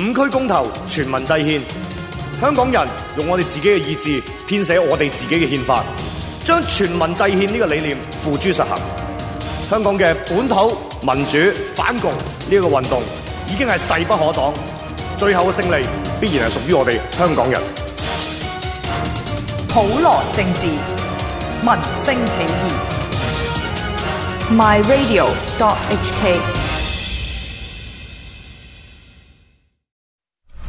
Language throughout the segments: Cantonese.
五區公投，全民制憲，香港人用我哋自己嘅意志編寫我哋自己嘅憲法，將全民制憲呢個理念付諸實行。香港嘅本土民主反共呢個運動已經係勢不可擋，最後嘅勝利必然係屬於我哋香港人。普羅政治，民生起義。My Radio HK。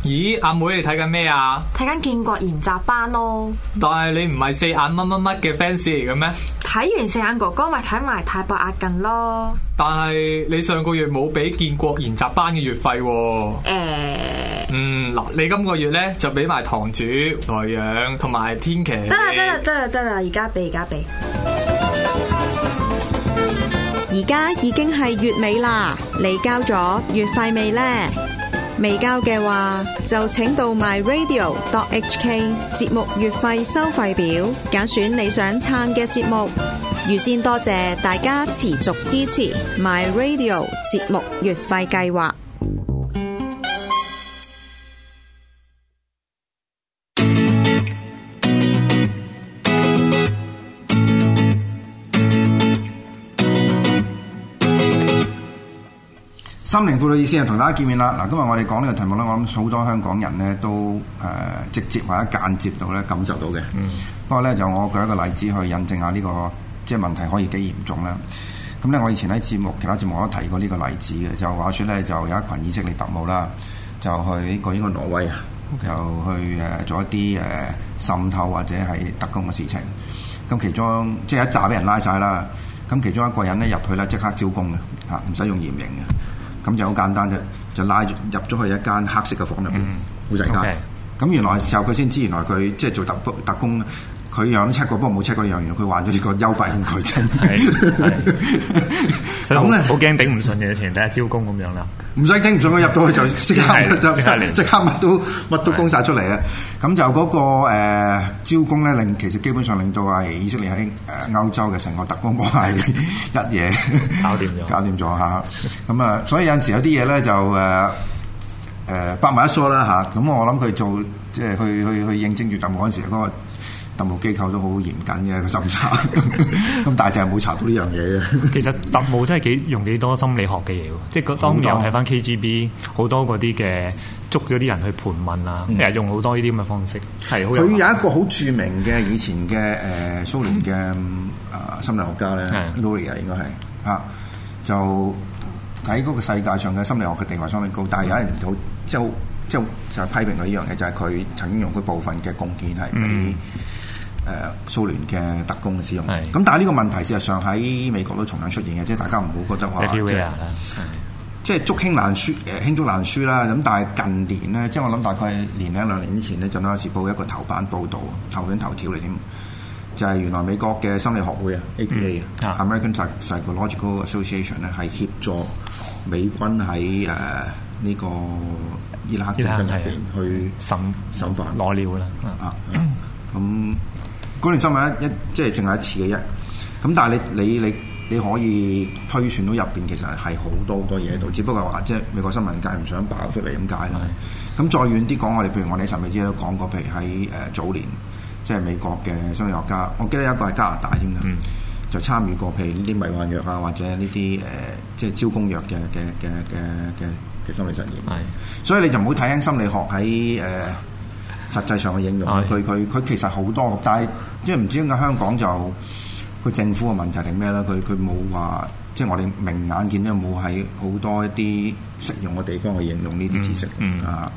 咦，阿妹，妹你睇緊咩啊？睇緊建國研習班咯，嗯。但係你唔係四眼乜乜乜嘅 fans 嚟嘅咩？睇完四眼哥哥咪睇埋泰伯壓近咯。但係你上個月冇俾建國研習班嘅月費。誒。嗯嗱，你今個月咧就俾埋堂主、台陽同埋天奇。得啦得啦得啦得啦，而家俾而家俾。而家已經係月尾啦，你交咗月費未咧？未交嘅話，就請到 myradio.hk 節目月費收費表，揀選你想撐嘅節目。預先多謝，謝大家持續支持 myradio 節目月費計劃。心靈輔導意思啊，同大家見面啦。嗱，今日我哋講呢個題目咧，我諗好多香港人咧都、呃、直接或者間接到咧感受到嘅。嗯。不過咧，就我舉一個例子去印證下呢、這個即係問題，可以幾嚴重咧。咁咧，我以前喺節目其他節目我都提過呢個例子嘅，就話說咧就有一群以色列特務啦，就去呢、這個應該挪威啊，又、okay. 去做一啲誒、呃、滲透或者係特工嘅事情。咁其中即係一紮俾人拉晒啦。咁其中一個人咧入去咧即刻招供嘅唔使用嚴刑嘅。咁就好簡單啫，就拉入咗去一間黑色嘅房入面，烏鎮街。咁、okay. 原來時候佢先知，原來佢即係做特特工，佢有 check 過，不過冇 check 過。呢樣原來，佢患咗呢個幽閉恐懼症。咧，好驚頂唔順嘅，前睇下招工咁樣啦。唔使頂唔順，我入到去就即刻，刻就即刻乜都乜都攻那、那個呃、供曬出嚟啊！咁就嗰個招工咧，令其實基本上令到係以色列喺歐洲嘅成個特工幫係一夜搞掂咗，搞掂咗下。咁啊，所以有陣時有啲嘢咧就誒埋、呃呃、百密一疏啦嚇。咁、啊、我諗佢做即係去去去認證住站嗰陣時嗰、那個。特務機構都好嚴謹嘅，佢查唔查？咁 但係就係冇查到呢樣嘢嘅。其實特務真係幾用幾多心理學嘅嘢，即係當有睇翻 KGB 好多嗰啲嘅捉咗啲人去盤問啊，嗯、用好多呢啲咁嘅方式。係佢有一個好著名嘅以前嘅誒蘇聯嘅啊心理學家咧、嗯、Luria 應該係、啊、就喺嗰個世界上嘅心理學嘅地位相當高，但係有人好即係即係批評到呢樣嘢，就係、是、佢曾經用佢部分嘅貢獻係俾。嗯誒、呃、蘇聯嘅特工嘅使用，咁但係呢個問題事實上喺美國都同樣出現嘅、嗯啊嗯，即係大家唔好覺得話，即係即係竹罄難書誒罄竹難書啦。咁但係近年咧，即係我諗大概年兩、嗯、兩年之前咧，就開始報一個頭版報導，頭版頭條嚟添，就係、是、原來美國嘅心理學會啊，APA 啊、嗯、，American Psychological Association 咧、嗯、係協助美軍喺誒呢個伊拉克戰爭入邊去審手法攞料啦，咁、啊。嗰年新聞一,一即係淨係一次嘅一，咁但係你你你你可以推算到入邊其實係好多好多嘢喺度，只不過話即係美國新聞界唔想爆出嚟咁解啦。咁、嗯、再遠啲講，我哋譬如我哋陳美芝都講過，譬如喺、呃、早年即係美國嘅心理學家，我記得有一個係加拿大添啦、嗯，就參與過譬如呢啲迷幻藥啊或者呢啲、呃、即係招供藥嘅嘅嘅嘅嘅嘅心理實驗。嗯、所以你就唔好睇輕心理學喺誒。呃實際上嘅應用，佢佢佢其實好多，但係即係唔知點解香港就個政府嘅問題係咩咧？佢佢冇話，即係我哋明眼見都冇喺好多一啲適用嘅地方去應用呢啲知識啊。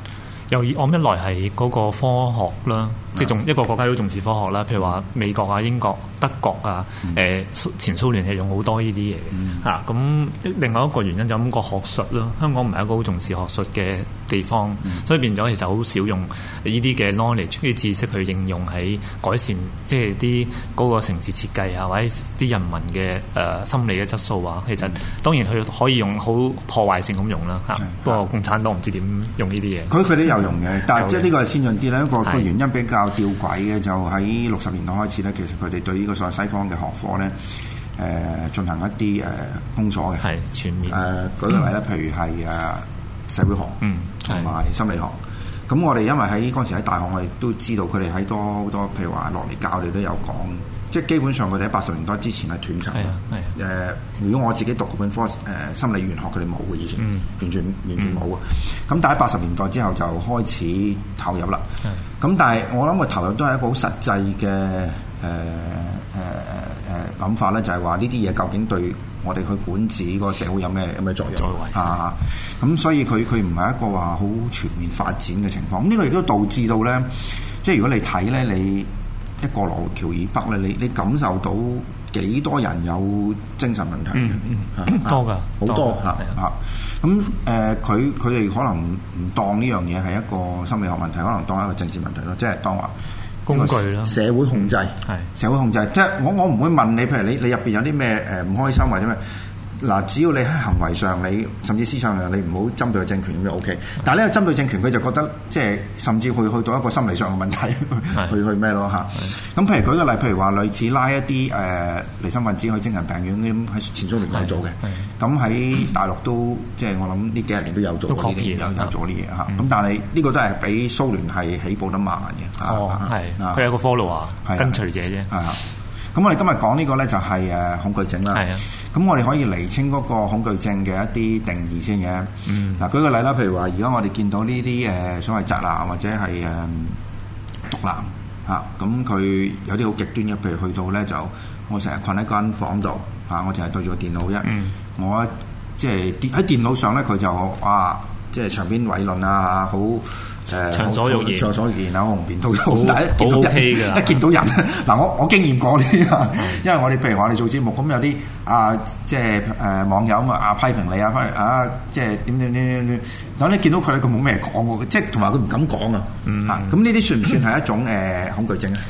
又、嗯嗯、以按一來係嗰個科學啦。即仲一個國家都重視科學啦，譬如話美國啊、英國、德國啊、誒、呃、前蘇聯係用好多呢啲嘢嘅吓，咁、嗯啊、另外一個原因就咁、是、個學術啦，香港唔係一個好重視學術嘅地方、嗯，所以變咗其實好少用呢啲嘅 knowledge、啲知識去應用喺改善即係啲、那個城市設計啊，或者啲人民嘅誒、呃、心理嘅質素啊。其實當然佢可以用好破壞性咁用啦吓、啊，不過共產黨唔知點用呢啲嘢。佢佢都有用嘅、嗯，但係即係呢個係先進啲啦。一個個原因比較。吊詭嘅就喺六十年代開始咧，其實佢哋對呢個所謂西方嘅學科咧，誒、呃，進行一啲誒封鎖嘅係、呃、全面。誒、呃，舉個例咧， 譬如係誒社會學，嗯，同埋心理學。咁我哋因為喺嗰陣時喺大學，我哋都知道佢哋喺多好多，譬如話落嚟教，我哋都有講。即係基本上，佢哋喺八十年代之前係斷層嘅。誒、呃，如果我自己讀嗰本科誒、呃、心理原學，佢哋冇嘅以前、嗯，完全完全冇嘅。咁、嗯、但喺八十年代之後就開始投入啦。咁但係我諗個投入都係一個好實際嘅誒誒誒諗法咧，就係話呢啲嘢究竟對我哋去管治個社會有咩有咩作用啊？咁所以佢佢唔係一個話好全面發展嘅情況。呢、呢個亦都導致到咧，即係如果你睇咧，你一個羅湖橋以北咧，你你感受到。幾多人有精神問題？嗯嗯，多㗎，好多嚇嚇。咁誒，佢佢哋可能唔當呢樣嘢係一個心理學問題，可能當一個政治問題咯，即係當話工具咯，社會控制社會控制，社會控制。即係我我唔會問你，譬如你你入邊有啲咩誒唔開心或者咩？嗱，只要你喺行為上，你甚至思想上，你唔好針對個政權咁就 O、OK、K。但係呢個針對政權，佢就覺得即係甚至會去去到一個心理上嘅問題，去去咩咯嚇。咁譬如舉個例子，譬如話類似拉一啲誒離心分子去精神病院咁，喺前蘇聯講做嘅。咁喺、嗯、大陸都即係我諗呢幾日年都有做，有有做啲嘢嚇。咁、嗯嗯、但係呢個都係比蘇聯係起步得慢嘅。哦、啊的，係。佢有個 follow 啊，跟隨者啫、啊啊啊就是。啊，咁我哋今日講呢個咧就係誒恐懼症啦。係啊。咁我哋可以釐清嗰個恐懼症嘅一啲定義先嘅。嗱，舉個例啦，譬如話，而家我哋見到呢啲誒所謂宅男或者係誒毒男嚇，咁、啊、佢有啲好極端嘅，譬如去到咧就我成日困喺間房度、啊、我淨係對住個電腦啫，嗯、我即係喺電腦上咧佢就啊～即係場邊偉論啊，好誒，所欲言，場所欲言啊，紅遍都好，但係一見到人，嗱我我經驗過呢啲啊，因為我哋譬如話我哋做節目，咁有啲啊，即係誒、啊、網友咁啊，批評你啊，翻嚟啊，即係點點點點點，但你見到佢佢冇咩講喎，即係同埋佢唔敢講、嗯、啊，咁呢啲算唔算係一種誒、啊、恐懼症咧？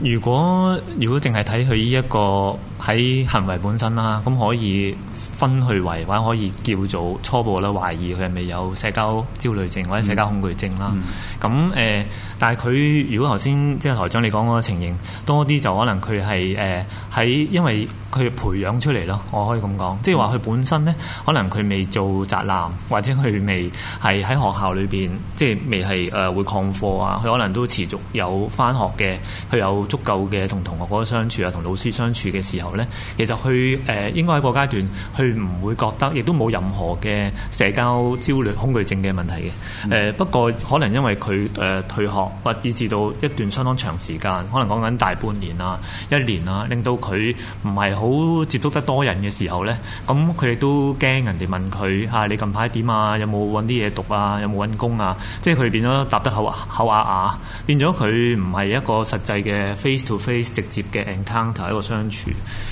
如果如果淨係睇佢呢一個喺行為本身啦，咁可以。分去為或者可以叫做初步咧，懷疑佢係咪有社交焦慮症或者社交恐懼症啦。咁、嗯、誒、呃，但係佢如果頭先即係台長你講嗰個情形多啲，就可能佢係誒喺因為。佢培養出嚟咯，我可以咁講，即係話佢本身咧，可能佢未做宅男，或者佢未係喺學校裏邊，即係未係誒、呃、會曠課啊，佢可能都持續有翻學嘅，佢有足夠嘅同同學個相處啊，同老師相處嘅時候咧，其實佢誒、呃、應該喺個階段，佢唔會覺得，亦都冇任何嘅社交焦慮恐懼症嘅問題嘅。誒、呃、不過可能因為佢誒、呃、退學或以至到一段相當長時間，可能講緊大半年啊、一年啊，令到佢唔係，好接觸得多人嘅時候咧，咁佢哋都驚人哋問佢嚇、啊，你近排點啊？有冇揾啲嘢讀啊？有冇揾工啊？即係佢變咗答得口口啞啞，變咗佢唔係一個實際嘅 face to face 直接嘅 encounter 一個相處。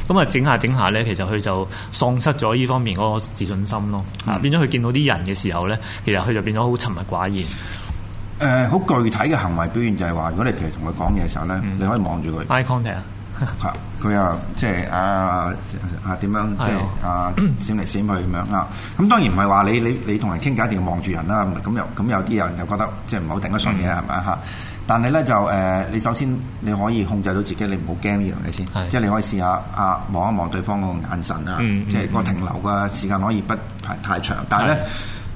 咁啊，整下整下咧，其實佢就喪失咗依方面嗰個自信心咯。啊、嗯，變咗佢見到啲人嘅時候咧，其實佢就變咗好沉默寡言。誒、呃，好具體嘅行為表現就係話，如果你其實同佢講嘢嘅時候咧、嗯，你可以望住佢。Eye-contact 係、 啊，佢又，即係啊啊點樣？即係啊 閃嚟閃去咁樣啊。咁當然唔係話你你你同人傾偈一定要望住人啦。咁有咁有啲人又覺得即係唔係好頂得順嘅係咪啊？但係咧就誒、呃，你首先你可以控制到自己，你唔好驚呢樣嘢先。即係你可以試下啊，望一望對方個眼神啊，即、嗯、係、嗯嗯、個停留嘅時間可以不太長，但係咧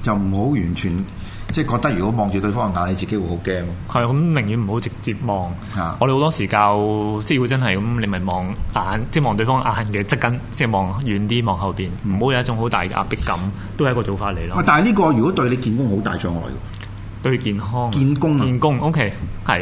就唔好完全。即係覺得，如果望住對方眼睛，你自己會好驚。係咁，寧願唔好直接望。我哋好多時教，即係要真係咁，你咪望眼，即係望對方眼嘅側跟，即係望遠啲，望後邊，唔好有一種好大嘅壓迫感，都係一個做法嚟咯。但係呢個如果對你健康好大障礙，對健康。見工，見工，OK，係。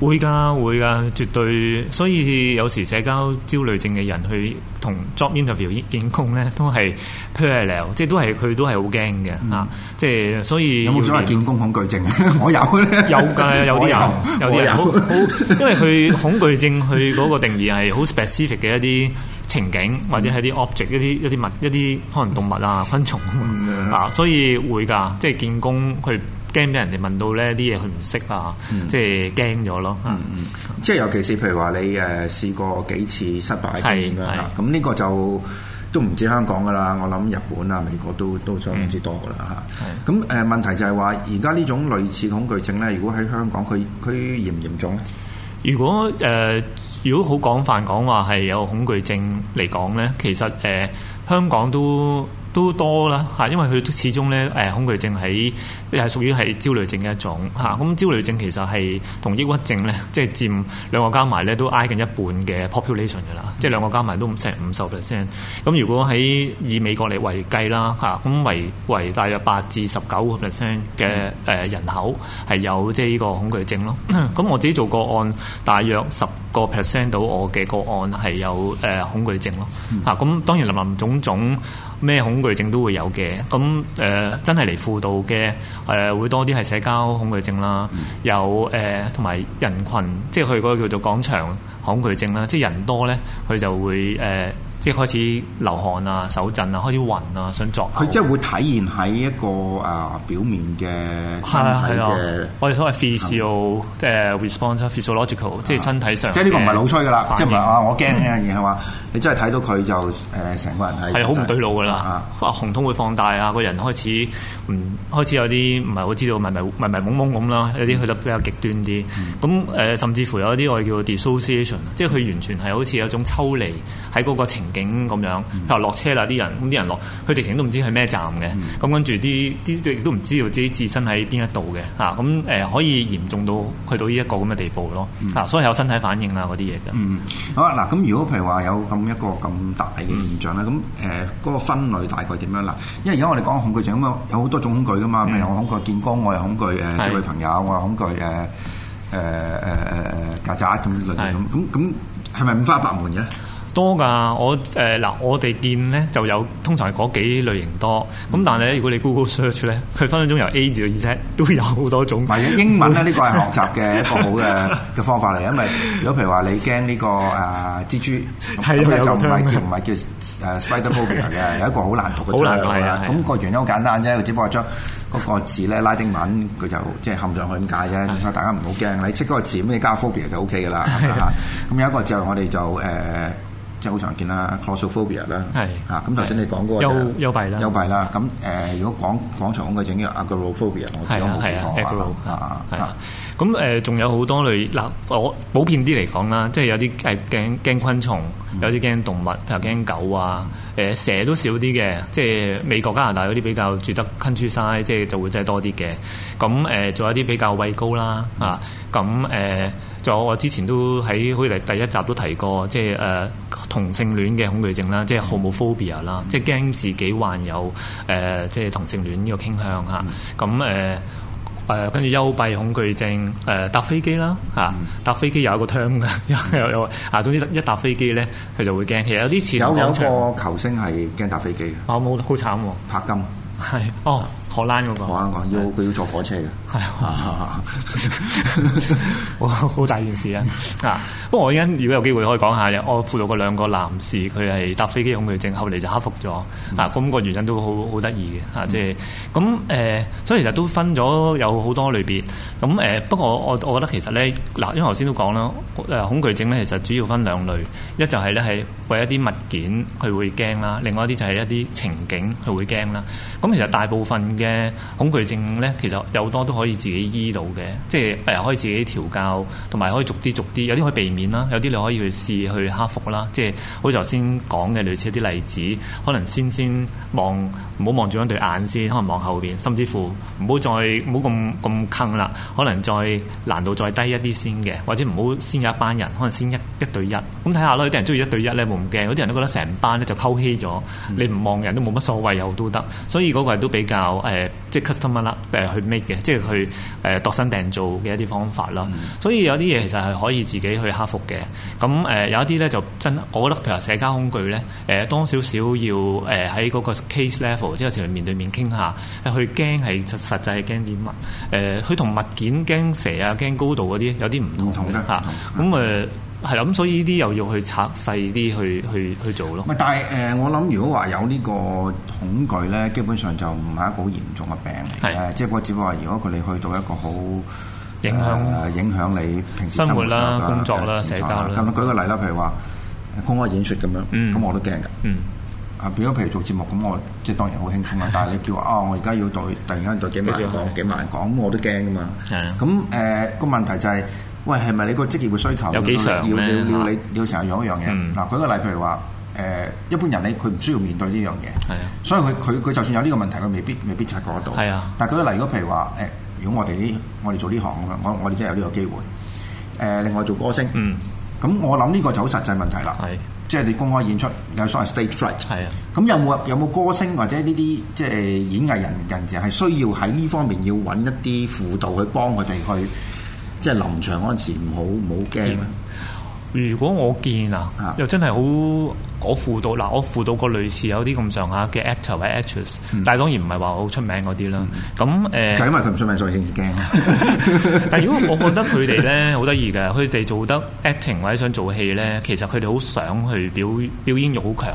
會㗎會㗎，絕對。所以有時社交焦慮症嘅人去同 job interview 見工咧，都係 parallel，即係都係佢都係好驚嘅啊！嗯、即係所以有冇所謂是見工恐懼症？我有咧，有㗎，有啲有，有啲有，有，有。因為佢恐懼症，佢 嗰個定義係好 specific 嘅一啲情景，或者係啲 object，一啲一啲物，一啲可能動物啊、昆蟲啊，嗯、所以會㗎，即係見工去。驚俾人哋問到咧啲嘢佢唔識啊，即係驚咗咯。嗯，即係尤其是譬如話你誒試過幾次失敗啲咁，呢個就都唔止香港噶啦，我諗日本啊、美國都都都唔知多噶啦嚇。咁、嗯、誒、呃、問題就係話而家呢種類似恐懼症咧，如果喺香港佢佢嚴唔嚴重咧？如果誒、呃、如果好廣泛講話係有恐懼症嚟講咧，其實誒、呃、香港都。都多啦嚇，因為佢始終咧誒恐懼症喺係屬於係焦慮症嘅一種嚇，咁焦慮症其實係同抑鬱症咧，即係佔兩個加埋咧都挨近一半嘅 population 㗎啦，即係兩個加埋都唔成五十 percent。咁如果喺以美國嚟為計啦嚇，咁為為大約八至十九個 percent 嘅誒人口係有即係呢個恐懼症咯。咁、嗯、我自己做個案，大約十個 percent 到我嘅個案係有誒、呃、恐懼症咯，嚇、嗯、咁、啊、當然林林種種咩恐懼症都會有嘅，咁、嗯、誒、呃、真係嚟輔導嘅誒、呃、會多啲係社交恐懼症啦，嗯、有誒同埋人群，即係佢嗰個叫做廣場恐懼症啦，即係人多咧佢就會誒。呃即係開始流汗啊、手震啊、開始暈啊、想作佢即係會體現喺一個誒表面嘅身體嘅，我哋所謂 physio，即係 response，physiological，即係身體上。即係呢個唔係老吹㗎啦，即係唔係啊！我驚嘅嘢係話。嗯你真係睇到佢就誒成、呃、個人係係好唔對路㗎啦，啊、啊紅通會放大啊，個人開始唔開始有啲唔係好知道，咪咪咪咪懵懵咁啦，有啲去得比較極端啲。咁、嗯、誒、呃、甚至乎有啲我哋叫 dissociation 即係佢完全係好似有一種抽離喺嗰個情景咁樣。佢話落車啦，啲人咁啲人落，佢直情都唔知係咩站嘅。咁、嗯、跟住啲啲亦都唔知道自己置身喺邊一度嘅嚇。咁、啊、誒、呃、可以嚴重到去到呢一個咁嘅地步咯。嗱、啊，所以有身體反應啊嗰啲嘢嘅。嗯好啊。嗱咁、呃、如果譬如話有。咁一個咁大嘅現象啦，咁誒嗰個分類大概點樣啦？因為而家我哋講恐懼症咁啊，有好多種恐懼噶嘛，譬如我恐懼見光，我又恐懼誒識女朋友，我又恐懼誒誒誒誒誒曱甴咁類型咁，咁咁係咪五花八門嘅？多㗎，我誒嗱、呃，我哋見咧就有通常係嗰幾類型多，咁、嗯、但係咧如果你 Google Search 咧，佢、嗯、分分鐘由 A 字以，而且都有好多種。埋英文咧呢個係學習嘅一個好嘅嘅方法嚟， 因為如果譬如話你驚呢、這個誒、啊、蜘蛛，咁就唔係叫 spider phobia 嘅，有一個好難讀嘅。好難讀啊！咁、那個原因好簡單啫，只不過將嗰個字咧拉丁文佢就即係冚上去咁解啫，大家唔好驚。你識嗰個字，咁你加 phobia 就 OK 㗎啦。咁、啊、有一個就我哋就誒。呃即係好常見啦 Claustrophobia 啦，咁頭先你講嗰個幽閉啦，幽閉啦。咁、啊、如果廣場整嘅 Agoraphobia 我啊，咁仲、啊啊啊啊啊啊啊、有好多類嗱、啊，我普遍啲嚟講啦，即、就、係、是、有啲驚驚昆蟲，嗯、有啲驚動物，譬如驚狗啊，蛇都少啲嘅。即、就、係、是、美國加拿大啲比較住得 country side 即係就會真係多啲嘅。咁仲有啲比較畏高啦，啊咁、嗯啊啊我我之前都喺好似嚟第一集都提過，即係誒、呃、同性戀嘅恐懼症啦，即係 homophobia 啦、嗯，即係驚自己患有誒、呃、即係同性戀呢個傾向嚇。咁誒誒跟住幽閉恐懼症誒、呃、搭飛機啦嚇、啊嗯，搭飛機有一個 term 嘅，啊、嗯， 總之一搭飛機咧佢就會驚。其實有啲似，有有一個球星係驚搭飛機嘅，好冇好慘喎、啊，柏金係哦荷蘭嗰、那個荷蘭要佢要，要坐火車嘅。係，好好大件事啊！ 啊，不過我而家如果有機會可以講下嘅，我輔導嗰兩個男士，佢係搭飛機恐懼症，後嚟就克服咗、嗯。啊，咁、這個原因都好好得意嘅嚇，即係咁誒。所以其實都分咗有好多類別。咁誒、呃，不過我我覺得其實咧，嗱，因為頭先都講啦，誒恐懼症咧，其實主要分兩類，一就係咧係為一啲物件佢會驚啦，另外一啲就係一啲情景佢會驚啦。咁其實大部分嘅恐懼症咧，其實有好多都。可以自己醫到嘅，即係誒可以自己調教，同埋可以逐啲逐啲，有啲可以避免啦，有啲你可以去試去克服啦。即係好似頭先講嘅，類似一啲例子，可能先先望，唔好望住嗰對眼先，可能望後邊，甚至乎唔好再唔好咁咁坑啦。可能再難度再低一啲先嘅，或者唔好先有一班人，可能先一一對一咁睇下咯。有啲人鍾意一對一咧冇咁驚，有啲人都覺得成班咧就溝稀咗，嗯、你唔望人都冇乜所謂，有都得。所以嗰個係都比較誒。呃即係 customer 啦，誒去 make 嘅，即係去誒、呃、度身訂造嘅一啲方法咯、嗯。所以有啲嘢其實係可以自己去克服嘅。咁誒、呃、有一啲咧就真的，我覺得譬如說社交恐懼咧，誒、呃、多少少要誒喺嗰個 case level，即係有時去面對面傾下，去驚係實實際驚點乜，誒、呃，佢同物件驚蛇怕啊、驚高度嗰啲有啲唔同嘅咁誒。呃嗯係啦，咁所以呢啲又要去拆細啲去去去做咯但。但、呃、係我諗如果話有呢個恐懼咧，基本上就唔係一個好嚴重嘅病嚟，誒，即係只不過如果佢哋去到一個好影響、呃、影響你平時生，生活啦、工作啦、呃、社交啦，咁我舉個例啦，譬如話公開演說咁樣，咁、嗯、我都驚㗎。嗯比，啊，變咗譬如做節目咁，我即係當然好輕鬆啦。但係你叫我啊，我而家要對突然間對幾萬人講幾萬人講，咁我都驚㗎嘛。係咁個問題就係、係。喂，係咪你個職業嘅需求有幾要要要你要成日養一樣嘢？嗱、嗯，舉個例，譬如話，誒，一般人咧，佢唔需要面對呢樣嘢，所以佢佢佢就算有呢個問題，佢未必未必察覺得到。係啊。但係舉個例，如果譬如話，誒，如果我哋啲我哋做呢行咁樣，我我哋真係有呢個機會。誒、呃，另外做歌星，嗯，咁我諗呢個就好實際問題啦。係，即係你公開演出，有所謂 stage fright。係啊。咁有冇有冇歌星或者呢啲即係演藝人人士係需要喺呢方面要揾一啲輔導去幫佢哋去？即係臨場嗰陣時唔好唔好驚。如果我見啊，又真係好我輔導嗱，我輔導過類似有啲咁上下嘅 actor 或 r actress、嗯、但係當然唔係話好出名嗰啲啦。咁、嗯、誒、就、嗯、因為佢唔出名，所以先至驚。 但係如果我覺得佢哋咧好得意嘅，佢哋做得 acting 或者想做戲咧，其實佢哋好想去表演，表演欲好強。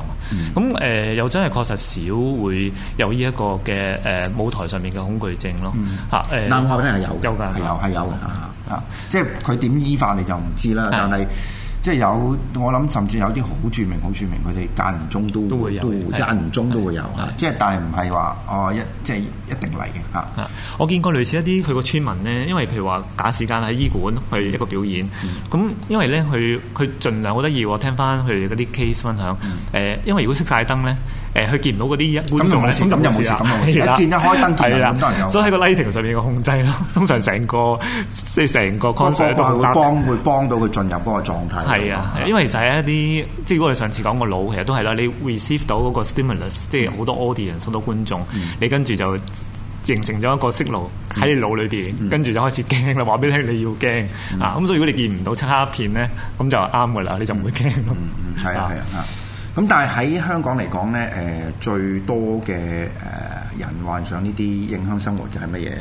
咁、嗯、誒、呃、又真係確實少會有依一個嘅誒、呃、舞台上面嘅恐懼症咯嚇誒。南亞真係有有㗎有係有啊！即係佢點醫法你就唔知啦。是但係即係有，我諗甚至有啲好著，著名、好著名，佢哋間唔中都都會有，間唔中都會有。是的是的即係但係唔係話哦一即係一定嚟嘅嚇。我見過類似一啲佢個村民咧，因為譬如話假時間喺醫館去一個表演。咁、嗯嗯、因為咧，佢佢儘量好得意。我聽翻佢嗰啲 case 分享誒，嗯、因為如果熄晒燈咧。誒，佢見唔到嗰啲一觀眾咧，咁又冇事，咁又冇事啦。見一開燈，見一開燈，咁多人所以喺個 lighting 上面嘅控制咯，通常成個即係成個 concert 都係、那個、會幫會幫到佢進入嗰個狀態。係啊，因為就係一啲即係如果你上次講個腦，其實都係啦。你 receive 到嗰個 stimulus、嗯、即係好多 Audience，好多觀眾，嗯、你跟住就形成咗一個識路喺你腦裏邊，嗯嗯跟住就開始驚啦。話俾你聽你要驚、嗯、啊！咁、嗯、所以如果你見唔到漆黑一片咧，咁就啱嘅啦，你就唔會驚咯。嗯嗯，係啊係啊！咁但係喺香港嚟講咧，誒最多嘅誒人患上呢啲影響生活嘅係乜嘢？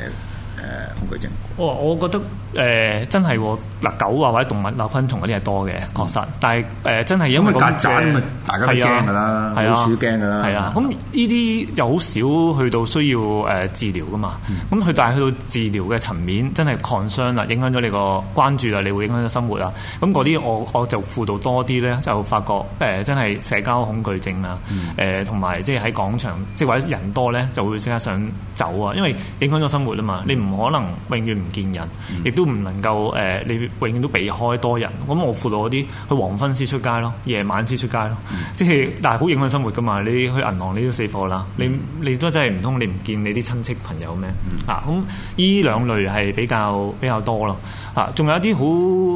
誒，恐懼症。我我覺得誒、呃、真係嗱、呃、狗啊或者動物啊、昆蟲嗰啲係多嘅，確實。但係誒、呃、真係因為曱甴啊嘛，大家驚㗎啦，好少驚㗎啦，係啊。咁呢啲又好少去到需要誒、呃、治療㗎嘛。咁、嗯、佢但係去到治療嘅層面，真係創傷啦，影響咗你個關注啦，你會影響咗生活啊。咁嗰啲我我就輔導多啲咧，就發覺誒、呃、真係社交恐懼症啊，誒同埋即係喺廣場即係話人多咧，就會即刻想走啊，因為影響咗生活啊嘛，你、嗯、唔～可能永遠唔見人，亦都唔能夠誒、呃，你永遠都避開多人。咁我輔導嗰啲，去黃昏先出街咯，夜晚先出街咯。即、嗯、係但係好影響生活噶嘛？你去銀行你都死貨啦、嗯，你你都真係唔通你唔見你啲親戚朋友咩、嗯？啊，咁呢兩類係比較比較多咯。啊，仲有一啲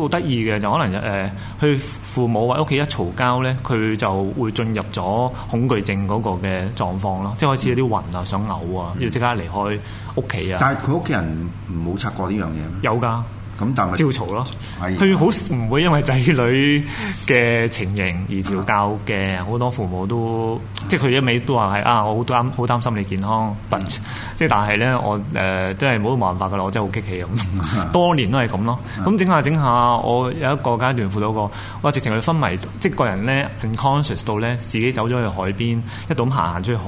好得意嘅，就可能誒，佢、呃、父母喺屋企一嘈交咧，佢就會進入咗恐懼症嗰個嘅狀況咯，即係開始有啲暈啊，想嘔啊，要即刻離開。嗯嗯屋企啊！但係佢屋企人冇察覺呢樣嘢咩？有噶。咁但係焦躁咯，佢、哎、好唔會因為仔女嘅情形而調教嘅，好、啊、多父母都、啊、即係佢一味都話係啊，我好擔好擔心你健康，嗯、，but 即係但係咧、嗯，我誒、呃、真係冇辦法㗎啦，我真係好激氣，咁，多年都係咁咯。咁、啊嗯、整下整下，我有一個階段輔到過，我直情佢昏迷，即係個人咧 unconscious 到咧自己走咗去海邊，一度咁行行出去海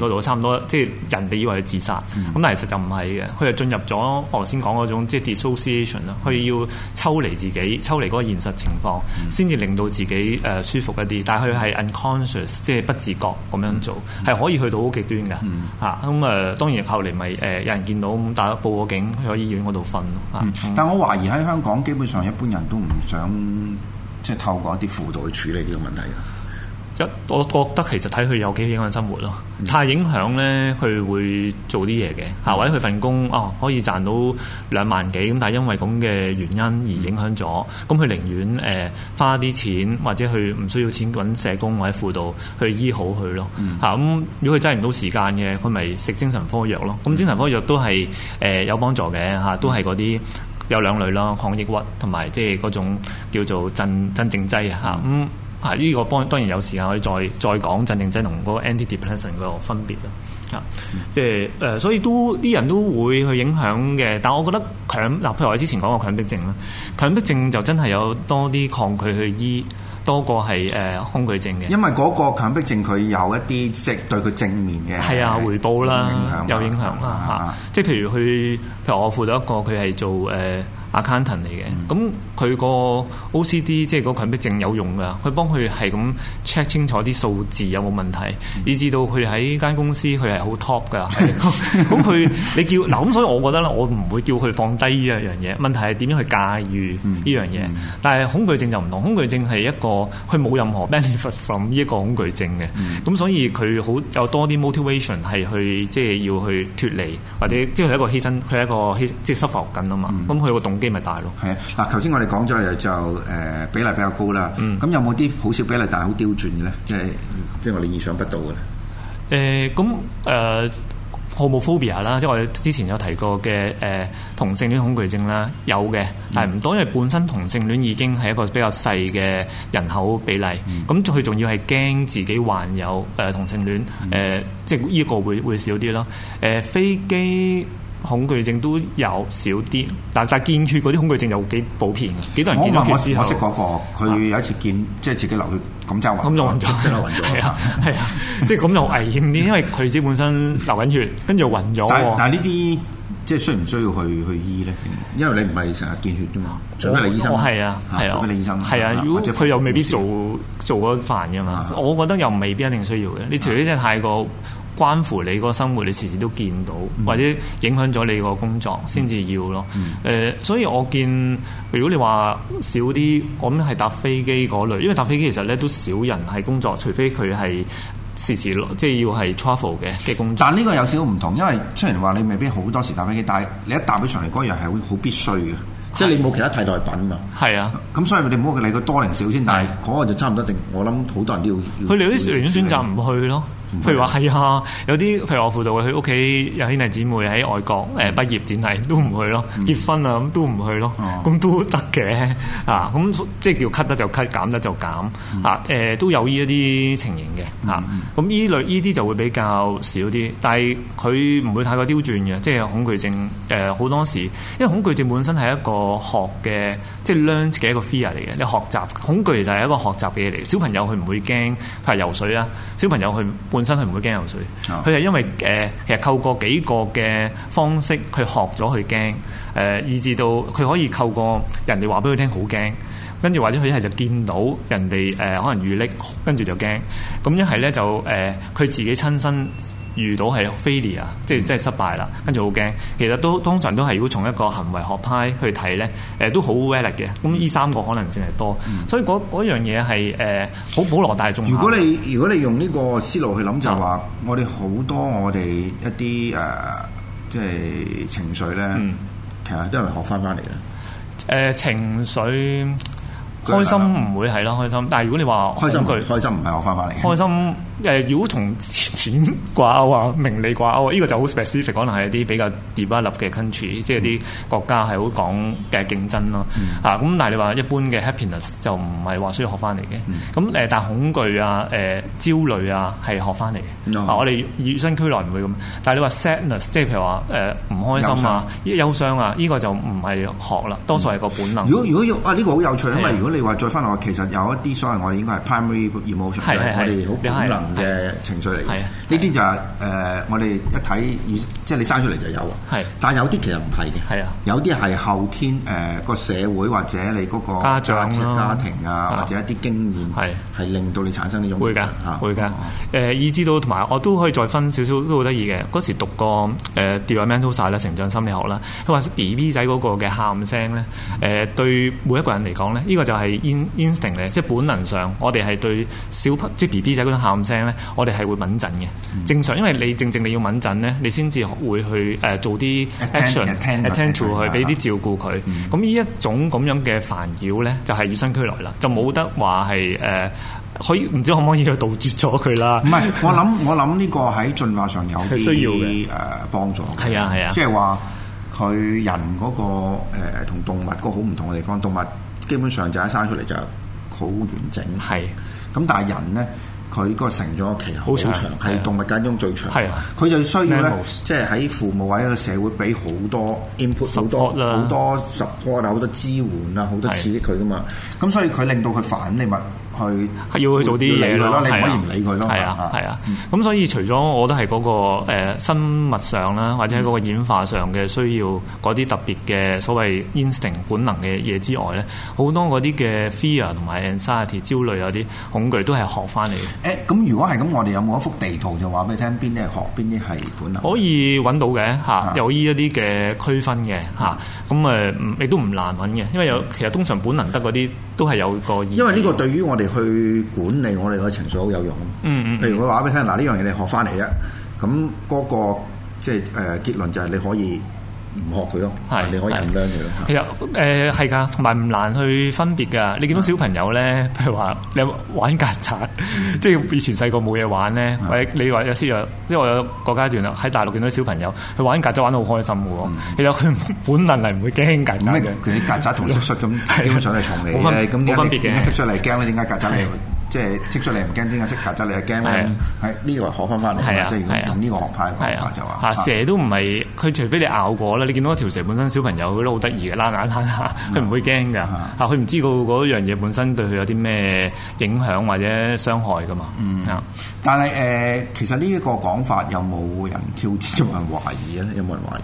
嗰度，差唔多即係人哋以為佢自殺，咁、嗯、但其實就唔係嘅，佢就進入咗我頭先講嗰種即係 dissociation 佢要抽離自己，抽離嗰個現實情況，先、嗯、至令到自己誒舒服一啲。但係佢係 unconscious，即係不自覺咁樣做，係、嗯、可以去到好極端嘅嚇。咁、嗯、誒，當然後嚟咪誒有人見到咁，但係報咗個警，去咗醫院嗰度瞓咯嚇。但我懷疑喺香港基本上一般人都唔想即係透過一啲輔導去處理呢個問題嘅。我覺得其實睇佢有幾影響生活咯。太影響咧，佢會做啲嘢嘅嚇，或者佢份工哦可以賺到兩萬幾，咁但係因為咁嘅原因而影響咗，咁、嗯、佢寧願誒、呃、花啲錢或者佢唔需要錢揾社工或者輔導去醫好佢咯嚇。咁、嗯、如果佢擠唔到時間嘅，佢咪食精神科藥咯？咁精神科藥都係誒、呃、有幫助嘅嚇，都係嗰啲有兩類啦，抗抑鬱同埋即係嗰種叫做鎮鎮靜劑嚇咁。嗯嗯啊！呢、這個幫當然有時間可以再再講，鎮定劑同嗰個 antidepressant 個分別啦。啊，即、就、係、是呃、所以都啲人都會去影響嘅。但我覺得強嗱、啊，譬如我之前講過強迫症啦，強迫症就真係有多啲抗拒去醫多過係空、呃、恐懼症嘅。因為嗰個強迫症佢有一啲即對佢正面嘅係啊回報啦，影有影響啦嚇。即、啊、係、啊啊、譬如去譬如我負責一個佢係做誒。呃 Accountant 嚟嘅，咁、嗯、佢個 OCD 即係個強迫症有用㗎，佢幫佢係咁 check 清楚啲數字有冇問題，嗯，以至到佢喺間公司佢係好 top 㗎。咁、嗯、佢 你叫嗱咁，所以我覺得咧，我唔會叫佢放低呢一樣嘢。問題係點樣去駕馭呢樣嘢？但係恐懼症就唔同，恐懼症係一個佢冇任何 benefit from 呢一個恐懼症嘅，咁、嗯、所以佢好有多啲 motivation 係去即係要去脫離，或者即係一個犧牲，佢係一個犧即係 suffer 緊啊嘛。咁佢有個動機。咁咪大咯，係啊。嗱，頭先我哋講咗就比例比較高啦。咁、嗯、有冇啲好少比例但係好刁鑽嘅咧？即係即係我哋意想不到嘅。咁、呃、誒、呃、，homophobia 啦，即係我哋之前有提過嘅、呃、同性戀恐懼症啦，有嘅、嗯，但係唔多，因為本身同性戀已經係一個比較細嘅人口比例。咁佢仲要係驚自己患有同性戀，嗯呃、即係呢個會,會少啲咯。誒、呃、飛機。恐懼症都有少啲，但係見血嗰啲恐懼症又幾普遍嘅，幾多人見血之後？我我我識佢、嗰個、有一次見、啊、即係自己流血，咁就暈咗，就真係暈咗。係啊，係啊，即係咁就危險啲，因為佢自己本身流緊血，跟住又暈咗。但係呢啲即係需唔需要去去醫咧？因為你唔係成日見血啫嘛，除非你醫生？我係啊，係啊，做、啊、生？係啊，如果佢又未必做做嗰份㗎嘛？啊、我覺得又未必一定需要嘅。你除非真係太過。啊關乎你個生活，你時時都見到、嗯，或者影響咗你個工作，先、嗯、至要咯。誒、嗯呃，所以我見如果你話少啲，我諗係搭飛機嗰類，因為搭飛機其實咧都少人喺工作，除非佢係時時即係要係 travel e 嘅嘅工作。但呢個有少少唔同，因為雖然話你未必好多時搭飛機，但係你一搭起上嚟嗰樣係好必須嘅，即係你冇其他替代品㗎。係啊，咁所以你唔好理佢多零少先，但係嗰個就差唔多。定我諗好多人都要，佢哋嗰啲寧願選擇唔去咯。譬如話係啊，有啲譬如我輔導佢去屋企有兄弟姊妹喺外國誒、嗯、畢業典禮都唔去咯，結婚啊咁、嗯、都唔去咯，咁都得嘅啊，咁即係叫 cut 得就 cut，減得就減、嗯、啊誒，都有呢一啲情形嘅、嗯、啊，咁依類呢啲就會比較少啲，但係佢唔會太過刁鑽嘅，即係恐懼症誒好、呃、多時候，因為恐懼症本身係一個學嘅，即係 learn 嘅一個 fear 嚟嘅，你學習恐懼就係一個學習嘅嘢嚟，小朋友佢唔會驚，譬如游水啊，小朋友佢。本身佢唔會驚游水，佢係因為誒其實透過幾個嘅方式去學咗，佢驚誒以至到佢可以透過人哋話俾佢聽好驚，跟住或者佢一係就見到人哋誒可能遇溺，跟住就驚，咁一係咧就誒佢自己親身。遇到係 failure 啊，即係即係失敗啦，跟住好驚。其實都通常都係如果從一個行為學派去睇咧，誒、呃、都好 valid 嘅。咁、嗯、呢三個可能正係多、嗯，所以嗰樣嘢係誒好普羅大眾的。如果你如果你用呢個思路去諗就係話，我哋好多我哋一啲誒即係情緒咧、嗯，其實都係學翻翻嚟嘅。誒、呃、情緒開心唔會係咯、嗯，開心。但係如果你話開心句，開心唔係學翻翻嚟嘅。開心。誒、呃，如果同錢掛鈎啊、名利掛鈎啊，呢、這個就好 specific，可能係一啲比較 develop 嘅 country、嗯、即係啲國家係好講嘅競爭咯。啊、咁、嗯啊、但係你話一般嘅 happiness 就唔係話需要學翻嚟嘅。咁、嗯、但係恐懼啊、呃、焦慮啊係學翻嚟嘅。我哋與生俱來唔會咁。但係你話 sadness，即係譬如話唔、呃、開心啊、憂傷啊，呢、啊這個就唔係學啦，多數係個本能、嗯如。如果如果啊，呢、這個好有趣，因為、啊、如果你話再翻落去，其實有一啲所謂我哋應該係 primary emotion、啊啊、我哋好嘅情緒嚟嘅，呢啲、啊、就係、是、誒、啊呃、我哋一睇，即係你生出嚟就有。係、啊，但係有啲其實唔係嘅。係啊，有啲係後天誒、呃，那個社會或者你個家長、啊、家庭啊，啊，或者一啲經驗係係令到你產生呢種會㗎嚇，會㗎。誒、啊，知、啊呃、到同埋我都可以再分少少，都好得意嘅。嗰時讀過誒誒 development 啦，成長心理學啦，佢話 B B 仔個嘅喊聲咧，誒、呃、對每一個人嚟講咧，呢、這個就係 instinct 即係本能上，我哋係對小即係 B B 仔嗰種喊聲。我哋係會穩陣嘅，正常，因為你正正你要穩陣咧，你先至會去誒、呃、做啲 attention 去俾啲照顧佢。咁、uh, 呢、嗯、一種咁樣嘅煩擾咧，就係與生俱來啦，就冇得話係誒可以唔知可唔可以去杜絕咗佢啦。唔係，我諗 我諗呢個喺進化上有需要嘅誒幫助。係啊係啊，即係話佢人嗰、那個誒同、呃、動物個好唔同嘅地方，動物基本上就一生出嚟就好完整，係。咁但係人咧。佢個成長嘅期好長，係動物間中最長。係啊。佢就需要咧，即係喺父母或者個社會俾好多 input，好多好多 support 啊，好多支援啊，好多刺激佢噶嘛。咁所以佢令到佢反你物。去要去做啲嘢咯，你唔可以唔理佢咯，係啊係啊，咁、啊啊啊啊啊啊嗯、所以除咗我覺得係嗰個誒、呃、生物上啦，或者個嗰演化上嘅需要嗰啲特別嘅所謂 instinct 本能嘅嘢之外咧，好多嗰啲嘅 fear 同埋 anxiety 焦慮啊啲恐懼都係學翻嚟嘅。誒、欸、咁如果係咁，我哋有冇一幅地圖就話俾你聽，邊啲係學邊啲係本能？可以揾到嘅吓、啊、有依一啲嘅區分嘅吓咁誒你都唔難揾嘅，因為有其實通常本能得嗰啲都係有個意義，因為呢個對於我哋。去管理我哋嘅情緒好有用。嗯嗯，嗯，譬如我話俾你聽嗱，呢樣嘢你學翻嚟啫。咁嗰個即係誒結論，就係你可以。唔學佢咯，係你可以咁樣佢其實誒係㗎，同埋唔難去分別㗎。你見到小朋友咧，譬如話你玩曱甴，即係以前細個冇嘢玩咧，或者你話有時又即係我有個階段啦，喺大陸見到小朋友佢玩曱甴玩得好開心嘅喎。其實佢本能係唔會驚曱甴嘅，佢曱甴同蟋蟀咁基本上係蟲嚟咁冇分別嘅。蟋蟀嚟驚咩？點解曱甴嚟？即係積出你唔驚，點解識格則你係驚咧？係呢個學方法嚟㗎，即係如果用呢個學派嘅方法、啊、就話嚇蛇都唔係佢，除非你咬過啦。你見到嗰條蛇，本身小朋友佢都好得意嘅，懶眼懶眼，佢唔會驚㗎。嚇佢唔知道嗰樣嘢本身對佢有啲咩影響或者傷害㗎嘛。嗯、啊啊，但係誒、呃，其實呢一個講法有冇人挑戰，有人懷疑咧？有冇人懷疑？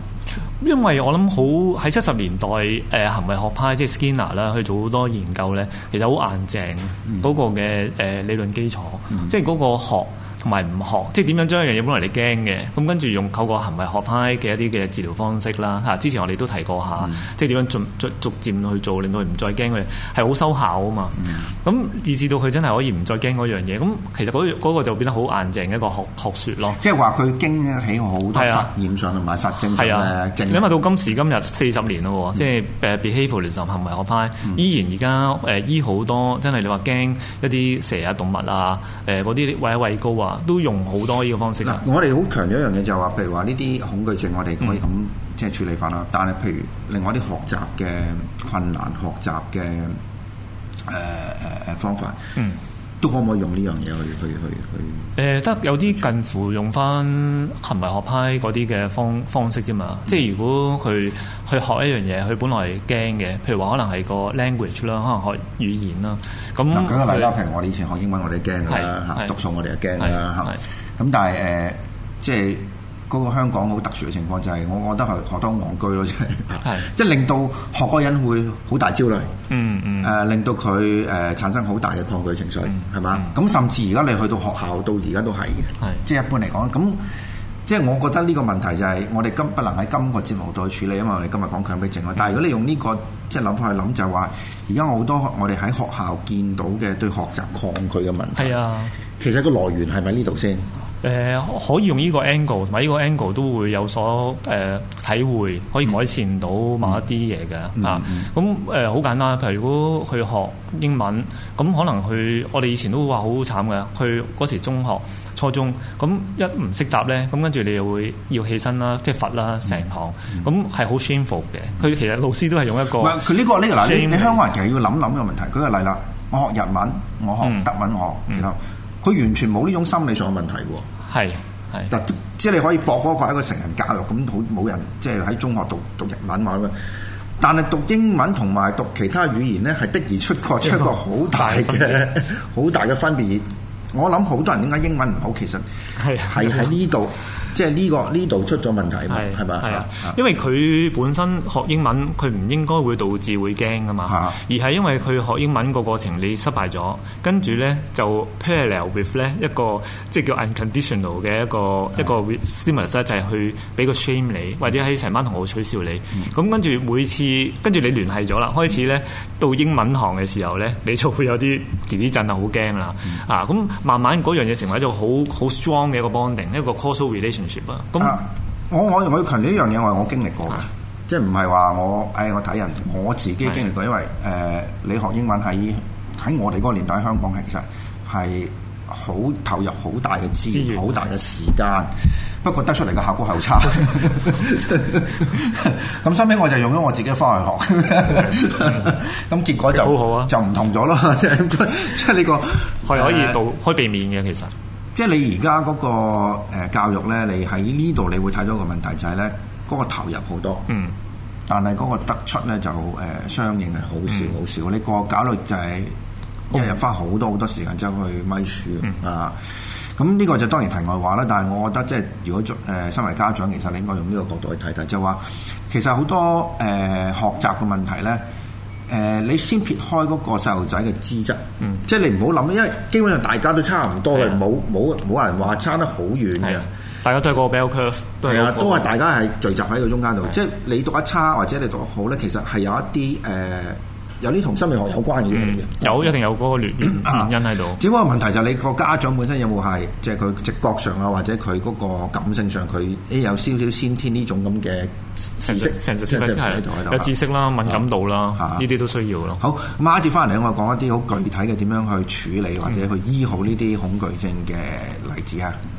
因為我諗好喺七十年代，誒行為學派即係 Skinner 啦，去做好多研究咧，其實好硬淨嗰個嘅誒理論基礎，即係嗰個學。同埋唔學，即係點樣將一樣嘢本來你驚嘅，咁跟住用透過行為學派嘅一啲嘅治療方式啦，之前我哋都提過下，嗯、即係點樣逐逐漸去做，令到佢唔再驚佢，係好收效啊嘛。咁、嗯、以至到佢真係可以唔再驚嗰樣嘢，咁其實嗰、嗰個嗰個就變得好硬淨一個學學說囉，咯。即係話佢經得起好多實驗上同埋、啊、實證上嘅、啊啊、證。因為到今時今日四十年咯、嗯，即係 behavior 行為學派、嗯、依然而家誒醫好多，真係你話驚一啲蛇啊動物啊，嗰啲一畏高啊。都用好多呢個方式。嗱，我哋好強調一樣嘢就係、是、話，譬如話呢啲恐懼症，我哋可以咁即係處理法啦。嗯、但係譬如另外啲學習嘅困難、學習嘅誒誒方法。嗯。都可唔可以用呢樣嘢去去去去？誒、呃，得有啲近乎用翻行為學派嗰啲嘅方方式啫嘛。嗯、即係如果佢去學一樣嘢，佢本來係驚嘅，譬如話可能係個 language 啦，可能學語言啦。咁嗱，舉、個例啦，譬如我以前學英文我們怕的，我哋驚啦，嚇讀數我哋又驚啦，嚇。咁但係誒、呃，即係。嗰、那個香港好特殊嘅情況就係、是，我覺得係學得好戇居咯，即係，即係令到學嗰人會好大焦慮，誒令到佢誒產生好大嘅抗拒情緒，係、嗯、嘛？咁、嗯、甚至而家你去到學校到現在，到而家都係嘅，即係一般嚟講，咁即係我覺得呢個問題就係我哋今不能喺今個節目度去處理，因嘛。我哋今日講強迫症咯。但係如果你用呢個即係諗法去諗，就係話，而家我好多我哋喺學校見到嘅對學習抗拒嘅問題，啊、其實那個來源係咪呢度先？誒、呃、可以用呢個 angle 同埋呢個 angle 都會有所誒、呃、體會，可以改善到某一啲嘢嘅啊。咁誒好簡單，譬如如果去學英文，咁可能佢我哋以前都話好慘㗎。佢嗰時中學、初中，咁一唔識答咧，咁跟住你又會要起身啦，即係罰啦，成堂。咁係好 shameful 嘅。佢其實老師都係用一個，佢、這、呢個呢個例你香港人其實要諗諗個問題。舉個例啦，我學日文，我學德文，我學、嗯、其他，佢完全冇呢種心理上嘅問題喎。係，係，即係你可以博科個一個成人教育，咁好，冇人即係喺中學讀讀日文嘛。咁但係讀英文同埋讀其他語言咧，係的而出過出個好大嘅好大嘅分， 分別。我諗好多人點解英文唔好，其實係係喺呢度。即係呢、呢個呢度出咗問題係係咪啊？因為佢本身學英文，佢唔應該會導致會驚噶嘛，啊、而係因為佢學英文個過程你失敗咗，跟住咧就 parallel with 咧一個即係叫 unconditional 嘅一個、啊、一個 stimulus 就係去俾個 shame 你，或者喺成班同學取笑你。咁、嗯、跟住每次跟住你聯繫咗啦，開始咧到英文行嘅時候咧，你就會有啲啲震啊，好驚啦啊！咁慢慢嗰樣嘢成為一個好好 strong 嘅一個 bonding，一個 causal relation。咁、啊，我我我要強調呢樣嘢，我係我經歷過嘅、啊，即係唔係話我，哎，我睇人，我自己經歷過，因為誒、呃，你學英文喺喺我哋嗰個年代，香港其實係好投入好大嘅資源，好大嘅時間，不過得出嚟嘅效果係好差。咁 後尾我就用咗我自己嘅方嚟學，咁 結果就好好、啊、就唔同咗啦，即係即係呢個係可以到可以避免嘅其實。即係你而家嗰個教育咧，你喺呢度你會睇到個問題就係咧，嗰個投入好多，嗯，但係嗰個得出咧就相應係好少好少、嗯。你個教育就係一日，日花好多好多時間走去咪書、嗯、啊，咁呢個就當然題外話啦。但係我覺得即係如果作身為家長，其實你應該用呢個角度去睇睇，就話、是、其實好多學習嘅問題咧。誒、呃，你先撇開嗰個細路仔嘅資質，嗯、即係你唔好諗，因為基本上大家都差唔多嘅，冇冇冇人話差得好遠嘅，大家都係個 bell curve，都係啊、呃，都係大家係聚集喺個中間度，即係你讀一差或者你讀好咧，其實係有一啲誒。呃有啲同心理學有關嘅、嗯嗯、有一定有嗰個原因喺度、啊。只不過問題就係你個家長本身有冇係，即係佢直覺上啊，或者佢嗰個感性上，佢誒有少少先天呢種咁嘅知識、就是，有知識啦，敏感度啦，呢、啊、啲都需要咯、啊啊。好，咁啊節翻嚟，我講一啲好具體嘅點樣去處理或者去醫好呢啲恐懼症嘅例子啊。嗯